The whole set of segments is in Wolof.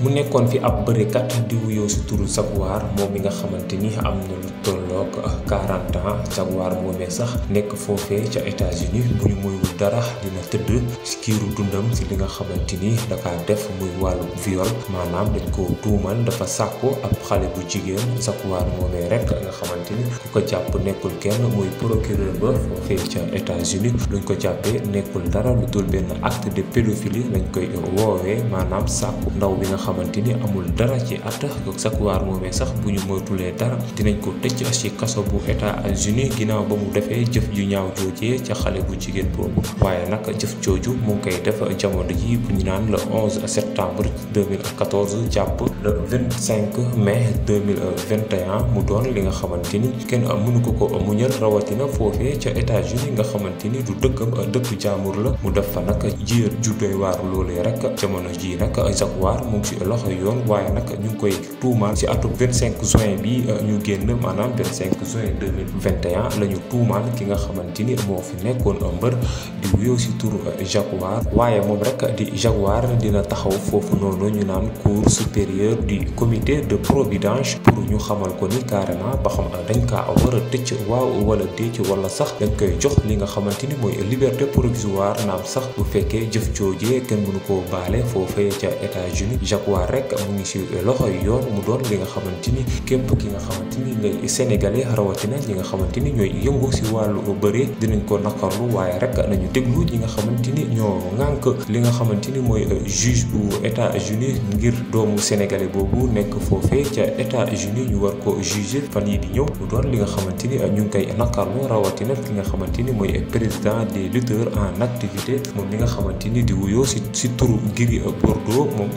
mu nekkoon fi ab bërekat di wuyoo si turu Jaguar moom mi nga xamante ni am na lu tolloog 40 ans Jaguar moomee sax nekk foofee ca États-Unis bu ñu moywul dara dina tëdd si kiiru dundam si li nga xamante ni dafa def muy wàllu viol maanaam dañ ko tuumal dafa sàkku ab xale bu jigéen Jaguar moomee rek nga xamante ni ko jàpp nekkul kenn muy procureur ba foofee ca États-Unis luñ ko jàppee nekkul dara lu benn acte de pédophilie lañ koy woowee maanaam sàkku ndaw xamante ni amul dara ci at Sakuwaar moomee sax bu ñu moytulee dara dinañ ko tëj ci kaso bu États-Unis ginnaaw ba mu defee jëf ju ñaaw joojee ca xale bu jigéen boobu waaye nag jëf jooju mu ngi koy def jamono ji bu ñu naan le 11 septembre 2014 jàpp le 25 mai 2021 mu doon li nga xamante ni kenn mënu ko ko muñal rawatina foofee ca États-Unis nga xamante ni du dëkkam dëkk jaamur la mu def fa nag jiir ju doy waar loolee rek jamono ji nag Sakuwaar mu ngi si loxo yoon waaye nag ñu ngi koy tuumaal ci atum 25 juin bi euh, ñu génn maanaam 25 juin 2021 la ñu tuumaal ki nga xamante ni moo fi nekkoon mbër di wuyoo ci turu euh, Jaguar waaye moom rek di Jaguar dina taxaw foofu noonu ñu naan cour supérieure di comité de providence pour ñu xamal ko ni carrément ba xam dañ kaa war a tëcc waaw wala décc wala sax dañ koy jox li nga xamante ni mooy liberté provisoire naam sax bu fekkee jëf joojee kenn mënu koo baale foofee ca États-Unis waa rek mu ngi ci loxo yoon mu doon li nga xamante ni képp ki nga xamante ni ngay sénégalais rawatina ñi nga xamante ni ñooy yëngu ci wàllu bëree dinañ ko naqarlu waaye rek nañu déglu ñi nga xamante ni ñoo ŋànk li nga xamante ni mooy euh, juge bu États-Unis ngir doomu sénégalais boobu nekk foofee ca États-Unis ñu war ko juger fan yi di ñëw mu doon li nga xamante ni euh, ñu ngi koy naqarlu rawatina ki nga xamante ni mooy président des lutteurs en activité moom mi nga xamante ni di wuyoo ci ci turu Gris Bordeaux moom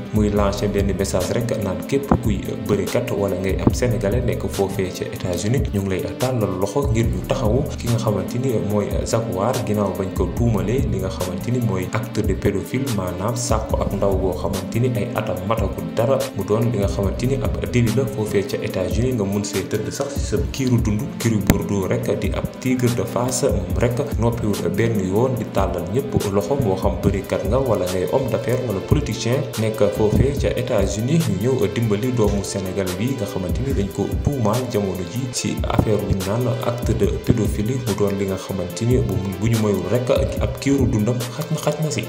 lancé benn message rek naan képp kuy bërikat wala ngay am sénégalais nekk foofee ca États-Unis ñu ngi lay loxo ngir ñu ki nga xamante ni mooy Jack Warr ginnaaw bañ ko tuumalee li nga xamante ni mooy acte de pédophile maanaam sàkko ab ndaw boo xamante ni ay atam matagul dara mu doon li nga xamante ni ab délit la foofee ca États-Unis nga mun see tëdd sax si sa kiiru dund kiiru Bordeaux rek di ab tigre de Fass moom rek noppiwul benn yoon di tàllal ñëpp loxo moo xam bërikat nga wala ngay homme d'affaires wala politicien nekk foofee ca États-Unis ñu ñëw dimbali doomu Sénégal bi nga xamante ni dañ ko tuumaal jamono ji ci affaire bu ñu naan acte de pédophilie mu doon li nga xamante ni bu ñu moyul rek ak kiiru dundam xaj na xaj na si.